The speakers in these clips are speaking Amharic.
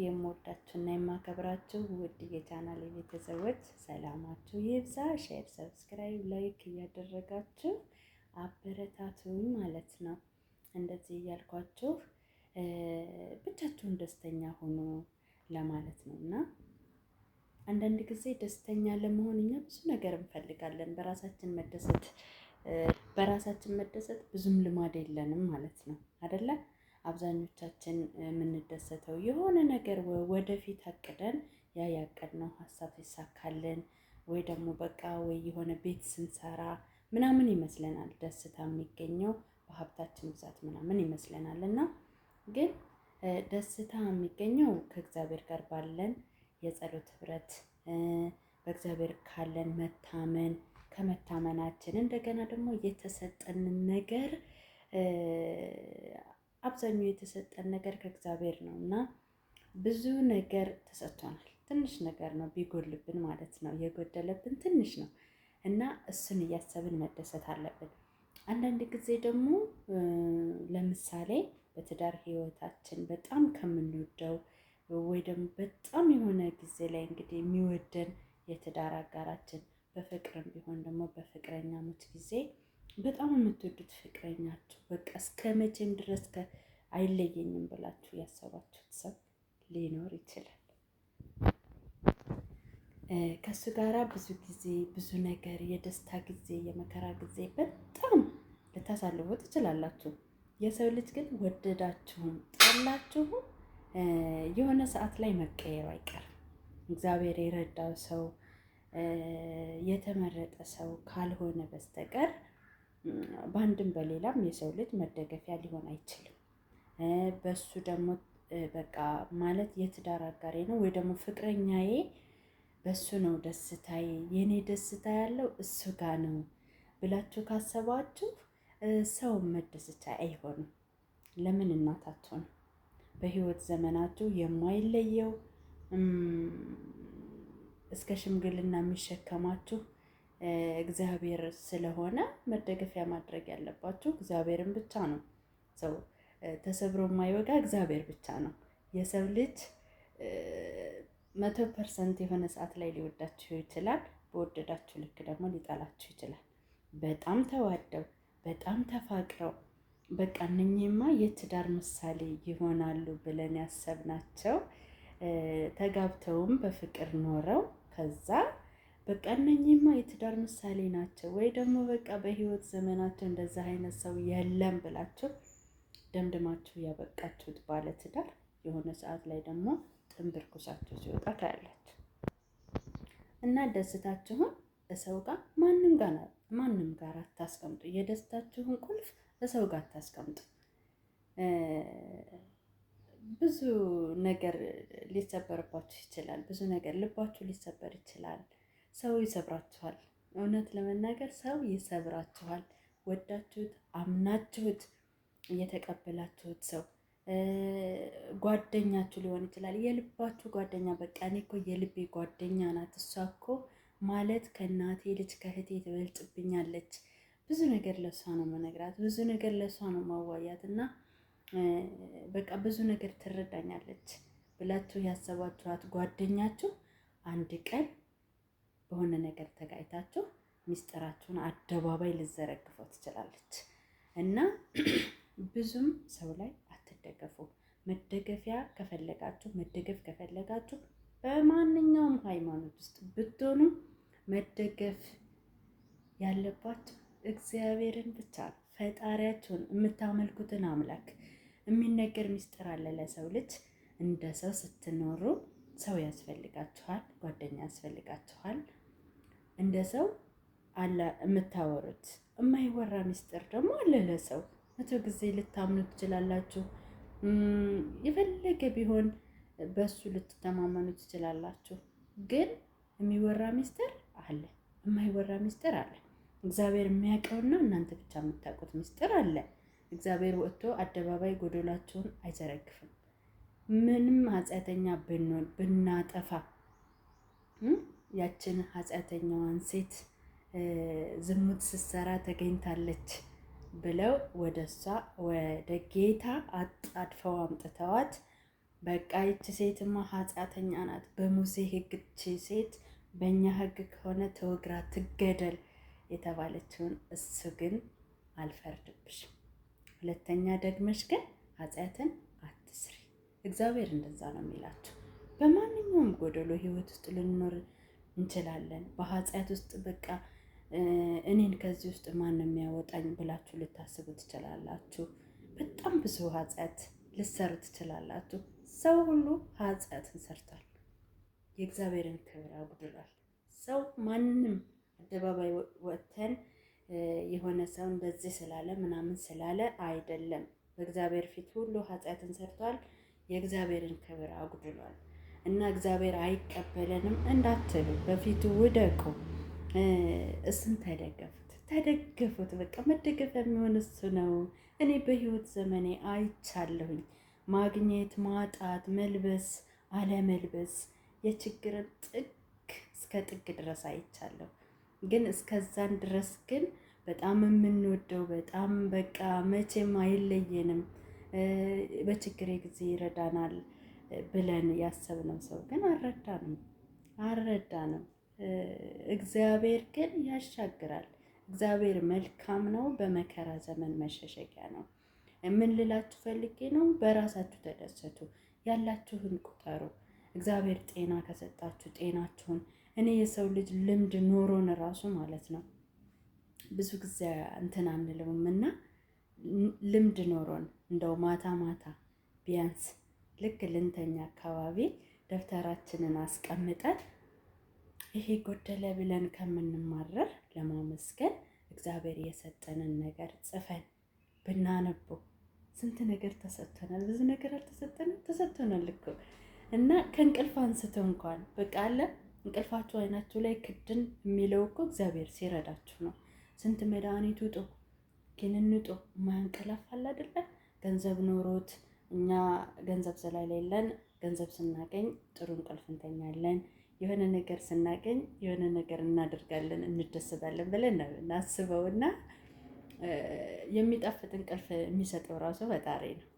የተወደዳችሁ እና የማከብራችሁ ውድ የቻናል ቤተሰቦች ሰላማችሁ ይብዛ። ሼር፣ ሰብስክራይብ፣ ላይክ እያደረጋችሁ አበረታቱኝ ማለት ነው። እንደዚህ እያልኳችሁ ብቻችሁን ደስተኛ ሆኖ ለማለት ነው እና አንዳንድ ጊዜ ደስተኛ ለመሆን እኛ ብዙ ነገር እንፈልጋለን። በራሳችን መደሰት በራሳችን መደሰት ብዙም ልማድ የለንም ማለት ነው አይደለም አብዛኞቻችን የምንደሰተው የሆነ ነገር ወደፊት አቅደን ያ ያቀድነው ሀሳብ ሲሳካልን ወይ ደግሞ በቃ ወይ የሆነ ቤት ስንሰራ ምናምን ይመስለናል። ደስታ የሚገኘው በሀብታችን ብዛት ምናምን ይመስለናል። እና ግን ደስታ የሚገኘው ከእግዚአብሔር ጋር ባለን የጸሎት ህብረት፣ በእግዚአብሔር ካለን መታመን፣ ከመታመናችን እንደገና ደግሞ የተሰጠንን ነገር አብዛኛው የተሰጠን ነገር ከእግዚአብሔር ነው እና ብዙ ነገር ተሰጥቶናል። ትንሽ ነገር ነው ቢጎልብን ማለት ነው። የጎደለብን ትንሽ ነው እና እሱን እያሰብን መደሰት አለብን። አንዳንድ ጊዜ ደግሞ ለምሳሌ በትዳር ህይወታችን በጣም ከምንወደው ወይ ደግሞ በጣም የሆነ ጊዜ ላይ እንግዲህ የሚወደን የትዳር አጋራችን በፍቅርም ቢሆን ደግሞ በፍቅረኛሞች ጊዜ በጣም የምትወዱት ፍቅረኛችሁ በቃ እስከ መቼም ድረስ አይለየኝም ብላችሁ ያሰባችሁት ሰው ሊኖር ይችላል። ከእሱ ጋራ ብዙ ጊዜ ብዙ ነገር የደስታ ጊዜ፣ የመከራ ጊዜ በጣም ልታሳልፉ ትችላላችሁ። የሰው ልጅ ግን ወደዳችሁም ጠላችሁም የሆነ ሰዓት ላይ መቀየሩ አይቀርም። እግዚአብሔር የረዳው ሰው የተመረጠ ሰው ካልሆነ በስተቀር በአንድም በሌላም የሰው ልጅ መደገፊያ ሊሆን አይችልም። በሱ ደግሞ በቃ ማለት የትዳር አጋሬ ነው ወይ ደግሞ ፍቅረኛዬ፣ በሱ ነው ደስታዬ፣ የእኔ ደስታ ያለው እሱ ጋ ነው ብላችሁ ካሰባችሁ ሰው መደሰቻ አይሆንም። ለምን እናታችሁ ነው በህይወት ዘመናችሁ የማይለየው እስከ ሽምግልና የሚሸከማችሁ እግዚአብሔር ስለሆነ መደገፊያ ማድረግ ያለባችሁ እግዚአብሔርን ብቻ ነው። ሰው ተሰብሮ የማይወጋ እግዚአብሔር ብቻ ነው። የሰው ልጅ መቶ ፐርሰንት የሆነ ሰዓት ላይ ሊወዳችሁ ይችላል። በወደዳችሁ ልክ ደግሞ ሊጠላችሁ ይችላል። በጣም ተዋደው በጣም ተፋቅረው በቃ እነኚህማ የትዳር ምሳሌ ይሆናሉ ብለን ያሰብናቸው ተጋብተውም በፍቅር ኖረው ከዛ በቃ እነኚህማ የትዳር ምሳሌ ናቸው ወይ ደግሞ በቃ በህይወት ዘመናቸው እንደዛ አይነት ሰው የለም ብላቸው ደምድማችሁ ያበቃችሁት ባለ ትዳር የሆነ ሰዓት ላይ ደግሞ ጥንብርኩሳችሁ ሲወጣ ታያላችሁ። እና ደስታችሁን እሰው ጋር ማንም ጋር ማንም ጋር አታስቀምጡ። የደስታችሁን ቁልፍ እሰው ጋር አታስቀምጡ። ብዙ ነገር ሊሰበርባችሁ ይችላል። ብዙ ነገር ልባችሁ ሊሰበር ይችላል። ሰው ይሰብራችኋል። እውነት ለመናገር ሰው ይሰብራችኋል። ወዳችሁት አምናችሁት እየተቀበላችሁት ሰው ጓደኛችሁ ሊሆን ይችላል። የልባችሁ ጓደኛ በቃ እኔ እኮ የልቤ ጓደኛ ናት እሷ እኮ ማለት ከእናቴ ልጅ ከእህቴ ትበልጥብኛለች። ብዙ ነገር ለእሷ ነው መነግራት፣ ብዙ ነገር ለእሷ ነው ማዋያት እና በቃ ብዙ ነገር ትረዳኛለች ብላችሁ ያሰባችኋት ጓደኛችሁ አንድ ቀን በሆነ ነገር ተጋጭታችሁ ሚስጥራችሁን አደባባይ ልዘረግፈው ትችላለች እና ብዙም ሰው ላይ አትደገፉ። መደገፊያ ከፈለጋችሁ መደገፍ ከፈለጋችሁ በማንኛውም ሃይማኖት ውስጥ ብትሆኑ መደገፍ ያለባችሁ እግዚአብሔርን ብቻ ነው። ፈጣሪያችሁን የምታመልኩትን አምላክ የሚነገር ሚስጥር አለ ለሰው ልጅ። እንደ ሰው ስትኖሩ ሰው ያስፈልጋችኋል፣ ጓደኛ ያስፈልጋችኋል። እንደ ሰው አለ የምታወሩት የማይወራ ምስጢር ደግሞ አለ ለሰው መቶ ጊዜ ልታምኑ ትችላላችሁ። የፈለገ ቢሆን በሱ ልትተማመኑ ትችላላችሁ። ግን የሚወራ ምስጢር አለ፣ የማይወራ ምስጢር አለ። እግዚአብሔር የሚያውቀውና እናንተ ብቻ የምታውቁት ሚስጥር አለ። እግዚአብሔር ወጥቶ አደባባይ ጎደላችሁን አይዘረግፍም። ምንም ኃጢአተኛ ብንሆን ብናጠፋ ያችን ኃጢአተኛዋን ሴት ዝሙት ስትሰራ ተገኝታለች ብለው ወደ እሷ ወደ ጌታ አጣድፈው አምጥተዋት በቃ ይቺ ሴትማ ኃጢአተኛ ናት፣ በሙሴ ሕግ ይቺ ሴት በእኛ ሕግ ከሆነ ተወግራ ትገደል የተባለችውን እሱ ግን አልፈርድብሽ፣ ሁለተኛ ደግመሽ ግን ኃጢአትን አትስሪ። እግዚአብሔር እንደዛ ነው የሚላቸው። በማንኛውም ጎደሎ ሕይወት ውስጥ ልንኖር እንችላለን። በኃጢአት ውስጥ በቃ እኔን ከዚህ ውስጥ ማን የሚያወጣኝ ብላችሁ ልታስቡ ትችላላችሁ። በጣም ብዙ ኃጢአት ልሰሩ ትችላላችሁ። ሰው ሁሉ ኃጢአትን ሰርቷል፣ የእግዚአብሔርን ክብር አጉድሏል። ሰው ማንም አደባባይ ወጥተን የሆነ ሰው እንደዚህ ስላለ ምናምን ስላለ አይደለም። በእግዚአብሔር ፊት ሁሉ ኃጢአትን ሰርቷል፣ የእግዚአብሔርን ክብር አጉድሏል። እና እግዚአብሔር አይቀበለንም እንዳትሉ በፊቱ ውደቁ። እሱን ተደገፉት ተደገፉት። በቃ መደገፍ የሚሆን እሱ ነው። እኔ በህይወት ዘመኔ አይቻለሁኝ ማግኘት፣ ማጣት፣ መልበስ፣ አለመልበስ የችግርን ጥግ እስከ ጥግ ድረስ አይቻለሁ። ግን እስከዛን ድረስ ግን በጣም የምንወደው በጣም በቃ መቼም አይለየንም። በችግሬ ጊዜ ይረዳናል። ብለን ያሰብነው ሰው ግን አልረዳንም አልረዳንም። እግዚአብሔር ግን ያሻግራል። እግዚአብሔር መልካም ነው። በመከራ ዘመን መሸሸጊያ ነው። ምን ልላችሁ ፈልጌ ነው? በራሳችሁ ተደሰቱ፣ ያላችሁን ቁጠሩ። እግዚአብሔር ጤና ከሰጣችሁ ጤናችሁን። እኔ የሰው ልጅ ልምድ ኖሮን ራሱ ማለት ነው ብዙ ጊዜ እንትን አንልምም እና ልምድ ኖሮን እንደው ማታ ማታ ቢያንስ ልክ ልንተኛ አካባቢ ደብተራችንን አስቀምጠን ይሄ ጎደለ ብለን ከምንማረር ለማመስገን እግዚአብሔር የሰጠንን ነገር ጽፈን ብናነቡ ስንት ነገር ተሰጥቶናል። ብዙ ነገር አልተሰጠንም፣ ተሰጥቶናል እኮ እና ከእንቅልፍ አንስቶ እንኳን በቃ አለ እንቅልፋችሁ አይናችሁ ላይ ክድን የሚለው እኮ እግዚአብሔር ሲረዳችሁ ነው። ስንት መድኃኒት ውጦ ኪንንጦ ማንቀላፍ አላደለ ገንዘብ ኖሮት እኛ ገንዘብ ስለሌለን ገንዘብ ስናገኝ ጥሩ እንቅልፍ እንተኛለን። የሆነ ነገር ስናገኝ የሆነ ነገር እናደርጋለን፣ እንደሰታለን ብለን እናስበው እና የሚጣፍጥ እንቅልፍ የሚሰጠው ራሱ ፈጣሪ ነው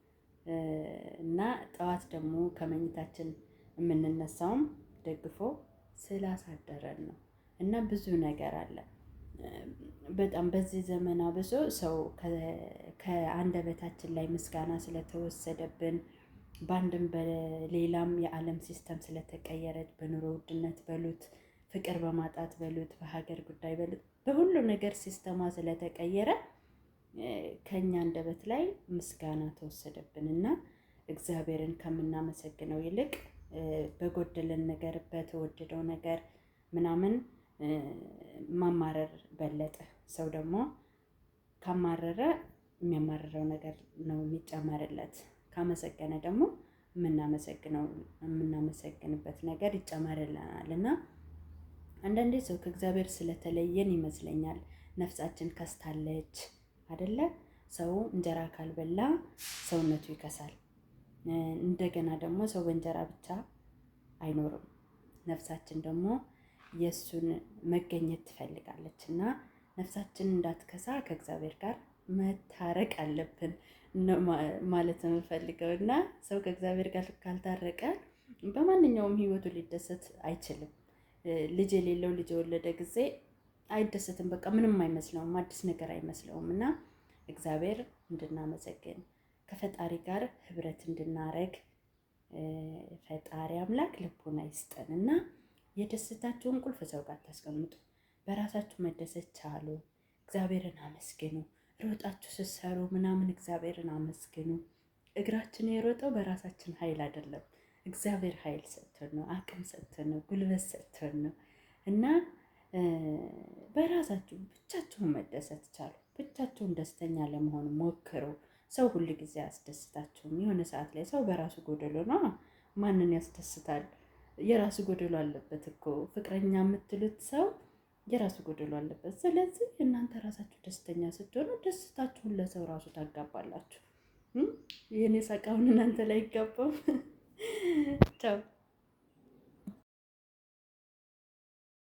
እና ጠዋት ደግሞ ከመኝታችን የምንነሳውም ደግፎ ስላሳደረን ነው እና ብዙ ነገር አለ በጣም በዚህ ዘመን አብሶ ሰው ከአንደበታችን ላይ ምስጋና ስለተወሰደብን በአንድም በሌላም የዓለም ሲስተም ስለተቀየረ በኑሮ ውድነት በሉት ፍቅር በማጣት በሉት በሀገር ጉዳይ በሉት በሁሉ ነገር ሲስተማ ስለተቀየረ ከእኛ አንደበት ላይ ምስጋና ተወሰደብን እና እግዚአብሔርን ከምናመሰግነው ይልቅ በጎደለን ነገር በተወደደው ነገር ምናምን ማማረር በለጠ። ሰው ደግሞ ካማረረ የሚያማርረው ነገር ነው የሚጨመርለት። ካመሰገነ ደግሞ የምናመሰግነው የምናመሰግንበት ነገር ይጨመርልናል እና አንዳንዴ ሰው ከእግዚአብሔር ስለተለየን ይመስለኛል። ነፍሳችን ከስታለች አደለ? ሰው እንጀራ ካልበላ ሰውነቱ ይከሳል። እንደገና ደግሞ ሰው በእንጀራ ብቻ አይኖርም። ነፍሳችን ደግሞ የእሱን መገኘት ትፈልጋለች እና ነፍሳችን እንዳትከሳ ከእግዚአብሔር ጋር መታረቅ አለብን ማለት ነው የምፈልገው እና ሰው ከእግዚአብሔር ጋር ካልታረቀ በማንኛውም ህይወቱ ሊደሰት አይችልም። ልጅ የሌለው ልጅ የወለደ ጊዜ አይደሰትም። በቃ ምንም አይመስለውም፣ አዲስ ነገር አይመስለውም። እና እግዚአብሔር እንድናመሰግን ከፈጣሪ ጋር ህብረት እንድናረግ ፈጣሪ አምላክ ልቦና ይስጠን እና የደስታችሁን ቁልፍ ሰው ጋር ታስቀምጡ። በራሳችሁ መደሰት ቻሉ። እግዚአብሔርን አመስግኑ። ሮጣችሁ ስትሰሩ ምናምን እግዚአብሔርን አመስግኑ። እግራችን የሮጠው በራሳችን ኃይል አይደለም። እግዚአብሔር ኃይል ሰጥቶን ነው፣ አቅም ሰጥቶን ነው፣ ጉልበት ሰጥቶን ነው። እና በራሳችሁ ብቻችሁን መደሰት ቻሉ። ብቻችሁን ደስተኛ ለመሆን ሞክሩ። ሰው ሁል ጊዜ አያስደስታችሁም። የሆነ ሰዓት ላይ ሰው በራሱ ጎደሎ ነው። ማንን ያስደስታል? የራሱ ጎደሎ አለበት እኮ ፍቅረኛ የምትሉት ሰው የራሱ ጎደሎ አለበት። ስለዚህ እናንተ ራሳችሁ ደስተኛ ስትሆኑ ደስታችሁን ለሰው ራሱ ታጋባላችሁ። ይህን የሳቃውን እናንተ ላይ አይጋባም። ቻው